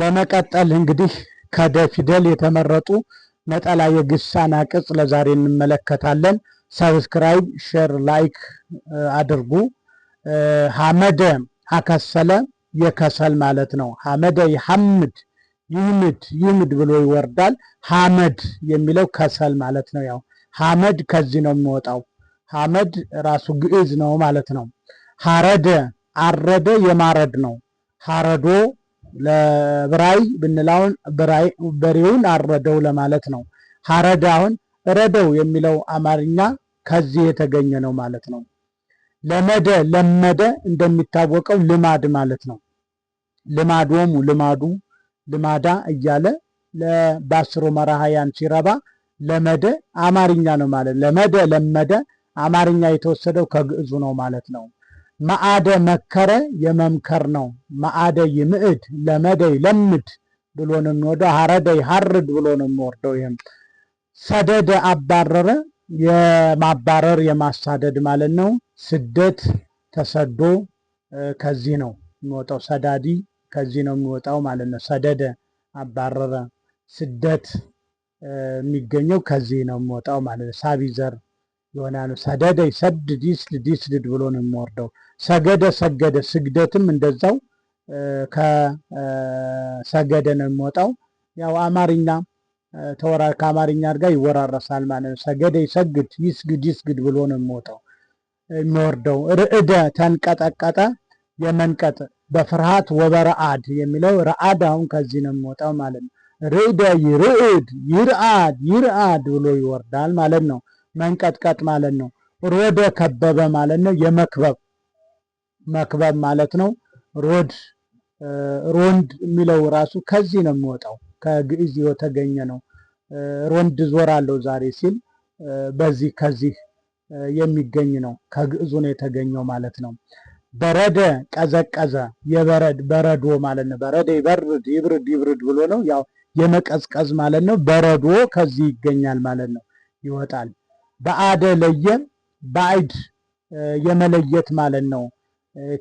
በመቀጠል እንግዲህ ከደ ፊደል የተመረጡ ነጠላ የግስ አናቅጽ ለዛሬ እንመለከታለን። ሰብስክራይብ፣ ሼር፣ ላይክ አድርጉ። ሐመደ አከሰለ የከሰል ማለት ነው። ሐመደ ይሐምድ ይህምድ ይህምድ ብሎ ይወርዳል። ሐመድ የሚለው ከሰል ማለት ነው። ያው ሐመድ ከዚህ ነው የሚወጣው። ሐመድ ራሱ ግዕዝ ነው ማለት ነው። ሐረደ አረደ የማረድ ነው። ሐረዶ ለብራይ ብንላውን በሬውን አረደው ለማለት ነው። ሀረደ አሁን ረደው የሚለው አማርኛ ከዚህ የተገኘ ነው ማለት ነው። ለመደ ለመደ እንደሚታወቀው ልማድ ማለት ነው። ልማዶሙ ልማዱ ልማዳ እያለ ለባስሮ መራሃያን ሲረባ ለመደ አማርኛ ነው ማለት ለመደ ለመደ አማርኛ የተወሰደው ከግዕዙ ነው ማለት ነው። ማዕደ መከረ የመምከር ነው። ማዕደ ይምዕድ ለመደይ ለምድ ብሎ ነው የሚወደው። ሀረደይ ሀርድ ብሎ ነው የሚወርደው። ይህም ሰደደ አባረረ፣ የማባረር የማሳደድ ማለት ነው። ስደት ተሰዶ ከዚህ ነው የሚወጣው። ሰዳዲ ከዚህ ነው የሚወጣው ማለት ነው። ሰደደ አባረረ፣ ስደት የሚገኘው ከዚህ ነው የሚወጣው ማለት ነው። ሳቢ ይሆናል። ሰደደ ይሰድድ ይስድድ ይስድድ ብሎ ነው የሚወርደው። ሰገደ ሰገደ፣ ስግደትም እንደዛው ከሰገደ ነው የሚወጣው። ያው አማርኛ ተወራ ከአማርኛ ጋር ይወራረሳል ማለት ነው። ሰገደ ይሰግድ ይስግድ ይስግድ ብሎ ነው የሚወጣው የሚወርደው። ርዕደ ተንቀጠቀጠ፣ የመንቀጥ በፍርሃት ወበረአድ የሚለው ረአድ አሁን ከዚህ ነው የሚወጣው ማለት ነው። ርዕደ ይርዕድ ይርአድ ይርአድ ብሎ ይወርዳል ማለት ነው። መንቀጥቀጥ ማለት ነው። ሮደ ከበበ ማለት ነው። የመክበብ መክበብ ማለት ነው። ሮድ ሮንድ የሚለው ራሱ ከዚህ ነው የሚወጣው ከግዕዝ የተገኘ ነው። ሮንድ ዞር አለው ዛሬ ሲል በዚህ ከዚህ የሚገኝ ነው። ከግዕዙ ነው የተገኘው ማለት ነው። በረደ ቀዘቀዘ፣ የበረድ በረዶ ማለት ነው። በረደ ይበርድ ይብርድ ይብርድ ብሎ ነው ያው የመቀዝቀዝ ማለት ነው። በረዶ ከዚህ ይገኛል ማለት ነው፣ ይወጣል። በአደ ለየ ባዕድ የመለየት ማለት ነው።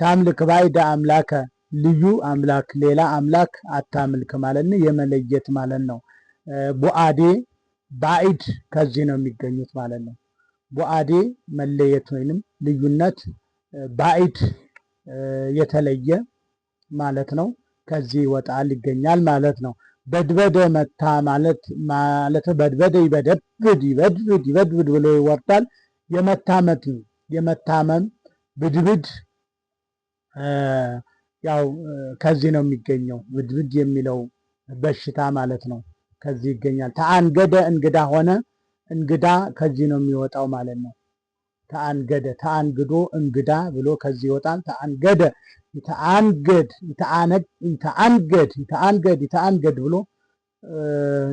ታምልክ ባዕድ አምላከ ልዩ አምላክ ሌላ አምላክ አታምልክ ማለት ነው፣ የመለየት ማለት ነው። ቦአዴ ባዕድ ከዚህ ነው የሚገኙት ማለት ነው። ቦአዴ መለየት ወይንም ልዩነት፣ ባዕድ የተለየ ማለት ነው። ከዚህ ይወጣል ይገኛል ማለት ነው። በድበደ መታ ማለት ማለት በድበደ ይበደብድ ይበድብድ ይበድብድ ብሎ ይወርዳል። የመታመት የመታመም ብድብድ ያው ከዚህ ነው የሚገኘው። ብድብድ የሚለው በሽታ ማለት ነው፣ ከዚህ ይገኛል። ተአንገደ እንግዳ ሆነ። እንግዳ ከዚህ ነው የሚወጣው ማለት ነው። ተአንገደ ተአንግዶ እንግዳ ብሎ ከዚህ ይወጣል። ተአንገደ ይተአንገድ ይተአንገድ ይተአንገድ ይተአንገድ ብሎ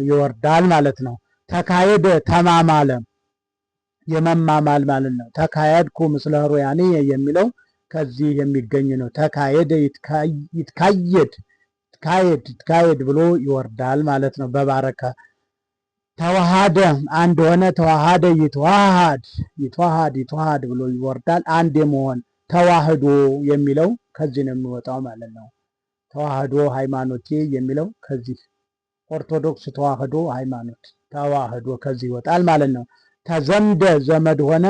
ይወርዳል ማለት ነው። ተካሄደ ተማማለ የመማማል ማለት ነው። ተካየድኩ ምስለ ሩያኔ የሚለው ከዚህ የሚገኝ ነው። ተካሄደ ይትካየድ ይትካየድ ይትካየድ ብሎ ይወርዳል ማለት ነው። በባረከ ተዋሃደ አንድ ሆነ። ተዋሃደ ይትዋሃድ ይትዋሃድ ይትዋሃድ ብሎ ይወርዳል። አንድ የመሆን ተዋህዶ የሚለው ከዚህ ነው የሚወጣው ማለት ነው። ተዋህዶ ሃይማኖቴ የሚለው ከዚህ ኦርቶዶክስ ተዋህዶ ሃይማኖት ተዋህዶ ከዚህ ይወጣል ማለት ነው። ተዘምደ ዘመድ ሆነ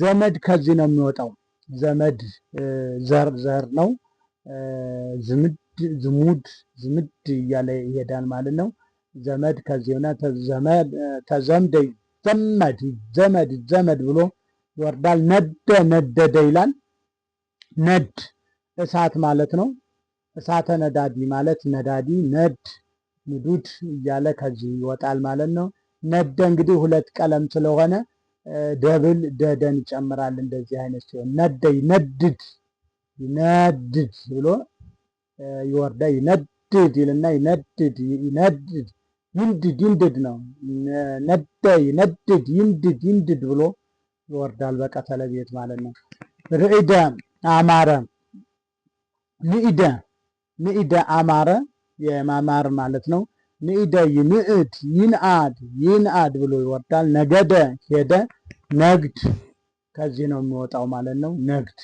ዘመድ ከዚህ ነው የሚወጣው። ዘመድ ዘር ዘር ነው። ዝምድ ዝሙድ ዝምድ እያለ ይሄዳል ማለት ነው። ዘመድ ከዚህ ሆነ ተዘምደ ዘመድ ዘመድ ዘመድ ብሎ ይወርዳል። ነደ ነደደ ይላል ነድ እሳት ማለት ነው። እሳተ ነዳዲ ማለት ነዳዲ ነድ ንዱድ እያለ ከዚህ ይወጣል ማለት ነው። ነደ እንግዲህ ሁለት ቀለም ስለሆነ ደብል ደደን ይጨምራል። እንደዚህ አይነት ሲሆን ነደ ይነድድ ይነድድ ብሎ ይወርዳ ይነድድ ይልና ይነድድ ይነድድ ይንድድ ይንድድ ነው። ነደ ይነድድ ይንድድ ይንድድ ብሎ ይወርዳል። በቀተለ ቤት ማለት ነው። ርዕደ አማረ ንኢደ ንኢደ አማረ የማማር ማለት ነው። ንኢደ ይንዕድ ይንአድ ይንአድ ብሎ ይወርዳል። ነገደ ሄደ ነግድ ከዚህ ነው የሚወጣው ማለት ነው። ነግድ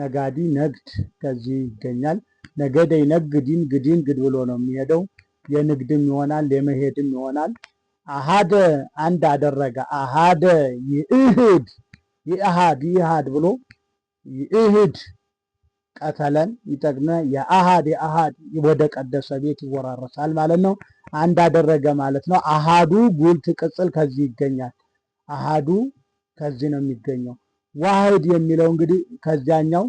ነጋዲ ነግድ ከዚህ ይገኛል። ነገደ ይነግድ ይንግድ ይንግድ ብሎ ነው የሚሄደው። የንግድም ይሆናል የመሄድም ይሆናል። አሃደ አንድ አደረገ። አሃደ ይእህድ ይእሃድ ይእሃድ ብሎ ይእህድ ቀተለን ይጠቅመ የአሃድ የአሃድ ወደ ቀደሰ ቤት ይወራረሳል ማለት ነው። አንድ አደረገ ማለት ነው። አሃዱ ጉልት ቅጽል ከዚህ ይገኛል። አሃዱ ከዚህ ነው የሚገኘው። ዋህድ የሚለው እንግዲህ ከዚያኛው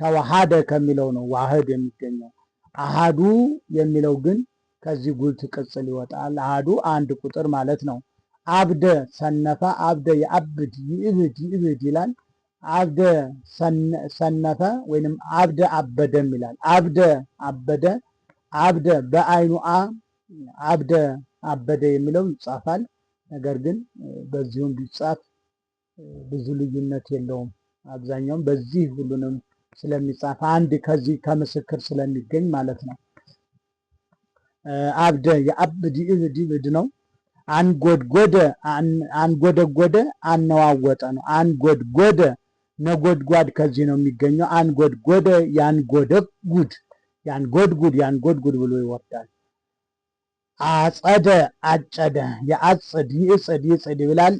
ተዋሃደ ከሚለው ነው ዋህድ የሚገኘው። አሃዱ የሚለው ግን ከዚህ ጉልት ቅጽል ይወጣል። አሃዱ አንድ ቁጥር ማለት ነው። አብደ ሰነፈ አብደ የአብድ ይእብድ ይእብድ ይላል። አብደ ሰነፈ ወይም አብደ አበደም ይላል። አብደ አበደ፣ አብደ በአይኑ አ አብደ አበደ የሚለው ይጻፋል። ነገር ግን በዚሁም ቢጻፍ ብዙ ልዩነት የለውም። አብዛኛውም በዚህ ሁሉንም ስለሚጻፍ አንድ ከዚህ ከምስክር ስለሚገኝ ማለት ነው። አብደ የአብድ ነው። አንጎድጎደ አንጎደጎደ አነዋወጠ ነው። አንጎድጎደ ነጎድጓድ ከዚህ ነው የሚገኘው። አንጎድጎደ ያንጎደጉድ ያንጎድጉድ ያንጎድጉድ ብሎ ይወርዳል። አጸደ አጨደ፣ የአጽድ ይጽድ ይጽድ ይብላል።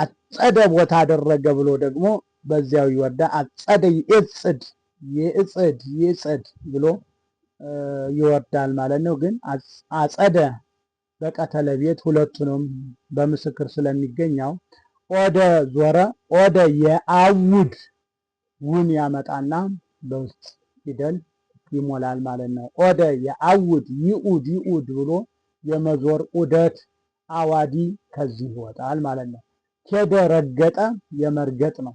አጸደ ቦታ አደረገ ብሎ ደግሞ በዚያው ይወርዳ አጸደ ይጽድ ይጽድ ይጽድ ብሎ ይወርዳል ማለት ነው። ግን አጸደ በቀተለቤት ሁለቱንም በምስክር ስለሚገኘው ወደ ዞረ ወደ የአውድ ውን ያመጣና በውስጥ ፊደል ይሞላል ማለት ነው። ወደ የአውድ ይኡድ ይኡድ ብሎ የመዞር ዑደት አዋዲ ከዚህ ይወጣል ማለት ነው። ኬደ ረገጠ የመርገጥ ነው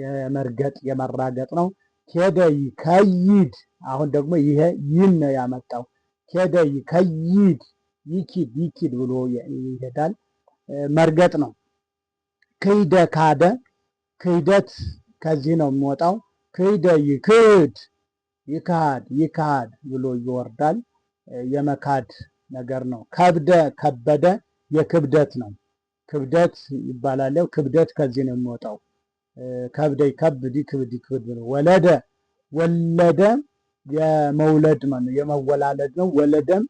የመርገጥ የመራገጥ ነው። ኬደ ይከይድ አሁን ደግሞ ይሄ ይን ነው ያመጣው። ኬደ ይከይድ ይኪድ ይኪድ ብሎ ይሄዳል። መርገጥ ነው። ክይደ ካደ ክህደት ከዚህ ነው የሚወጣው። ክይደ ይክድ ይካድ ይካድ ብሎ ይወርዳል። የመካድ ነገር ነው። ከብደ ከበደ የክብደት ነው። ክብደት ይባላል። ያው ክብደት ከዚህ ነው የሚወጣው። ከብደ ይከብድ ይክብድ ይክብድ ብሎ ወለደ ወለደ የመውለድ ነው፣ የመወላለድ ነው። ወለደም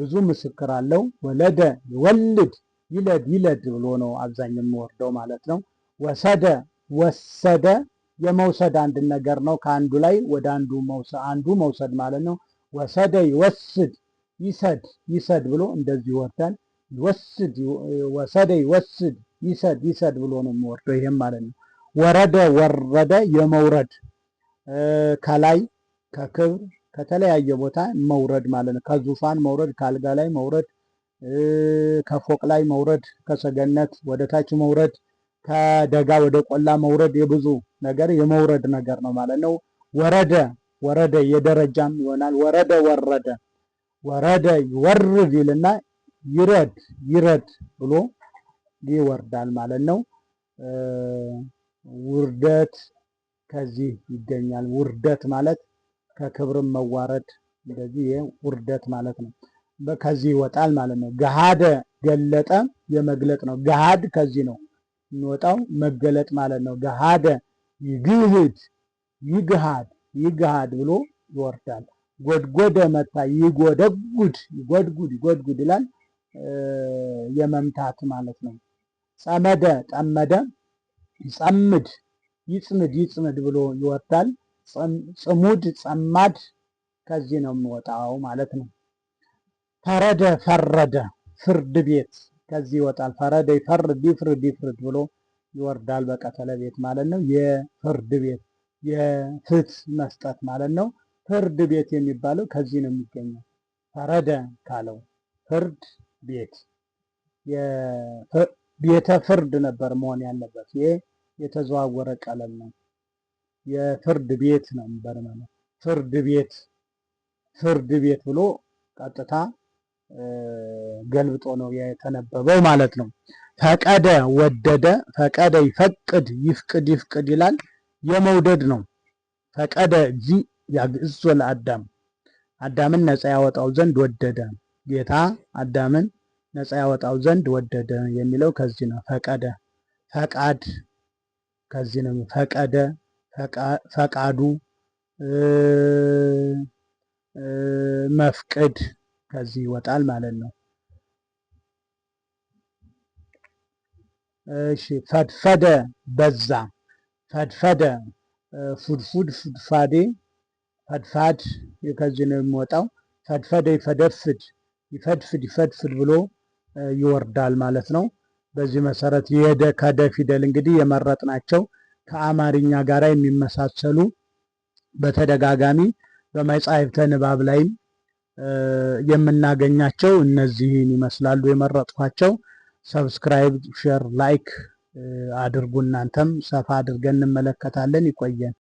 ብዙ ምስክር አለው። ወለደ ይወልድ ይለድ ይለድ ብሎ ነው አብዛኛው የሚወርደው ማለት ነው። ወሰደ ወሰደ የመውሰድ አንድ ነገር ነው። ከአንዱ ላይ ወደ አንዱ አንዱ መውሰድ ማለት ነው። ወሰደ ይወስድ ይሰድ ይሰድ ብሎ እንደዚህ ይወርዳል። ይወስድ ወሰደ ይወስድ ይሰድ ይሰድ ብሎ ነው የሚወርደው ይሄም ማለት ነው። ወረደ ወረደ የመውረድ ከላይ ከክብር ከተለያየ ቦታ መውረድ ማለት ነው። ከዙፋን መውረድ፣ ከአልጋ ላይ መውረድ ከፎቅ ላይ መውረድ፣ ከሰገነት ወደ ታች መውረድ፣ ከደጋ ወደ ቆላ መውረድ የብዙ ነገር የመውረድ ነገር ነው ማለት ነው። ወረደ ወረደ የደረጃም ይሆናል። ወረደ ወረደ ወረደ ይወርድ ይልና ይረድ ይረድ ብሎ ይወርዳል ማለት ነው። ውርደት ከዚህ ይገኛል። ውርደት ማለት ከክብርም መዋረድ እንደዚህ ውርደት ማለት ነው። ከዚህ ይወጣል ማለት ነው። ገሃደ ገለጠ የመግለጥ ነው። ገሃድ ከዚህ ነው የሚወጣው መገለጥ ማለት ነው። ገሃደ ይግህድ ይግሃድ ይግሃድ ብሎ ይወርዳል። ጎድጎደ መታ ይጎደጉድ ይጎድጉድ ይጎድጉድ ይላል። የመምታት ማለት ነው። ጸመደ ጠመደ ይጸምድ ይጽምድ ይጽምድ ብሎ ይወርዳል። ጽሙድ ጸማድ ከዚህ ነው የሚወጣው ማለት ነው። ፈረደ ፈረደ ፍርድ ቤት ከዚህ ይወጣል። ፈረደ ይፈርድ ይፍርድ ይፍርድ ብሎ ይወርዳል በቀተለ ቤት ማለት ነው። የፍርድ ቤት የፍትህ መስጠት ማለት ነው። ፍርድ ቤት የሚባለው ከዚህ ነው የሚገኘው። ፈረደ ካለው ፍርድ ቤት ቤተ ፍርድ ነበር መሆን ያለበት። ይሄ የተዘዋወረ ቀለም ነው። የፍርድ ቤት ነበር ማለት ፍርድ ቤት ፍርድ ቤት ብሎ ቀጥታ ገልብጦ ነው የተነበበው ማለት ነው። ፈቀደ ወደደ፣ ፈቀደ ይፈቅድ፣ ይፍቅድ፣ ይፍቅድ ይላል። የመውደድ ነው። ፈቀደ ጂ ያግዞ ለአዳም አዳምን ነፃ ያወጣው ዘንድ ወደደ። ጌታ አዳምን ነፃ ያወጣው ዘንድ ወደደ የሚለው ከዚህ ነው። ፈቀደ ፈቃድ ከዚህ ነው። ፈቀደ ፈቃዱ መፍቅድ ከዚህ ይወጣል ማለት ነው። እሺ ፈድፈደ በዛ ፈድፈደ ፉድፉድ ፉድፋዴ ፈድፋድ ከዚህ ነው የሚወጣው። ፈድፈደ ይፈደፍድ ይፈድፍድ ይፈድፍድ ብሎ ይወርዳል ማለት ነው። በዚህ መሰረት የደ ከደ ፊደል እንግዲህ ናቸው ከአማርኛ ጋር የሚመሳሰሉ በተደጋጋሚ በመጻሕፍተ ንባብ ላይም የምናገኛቸው እነዚህን ይመስላሉ የመረጥኳቸው። ሰብስክራይብ፣ ሼር፣ ላይክ አድርጉ። እናንተም ሰፋ አድርገን እንመለከታለን። ይቆየን።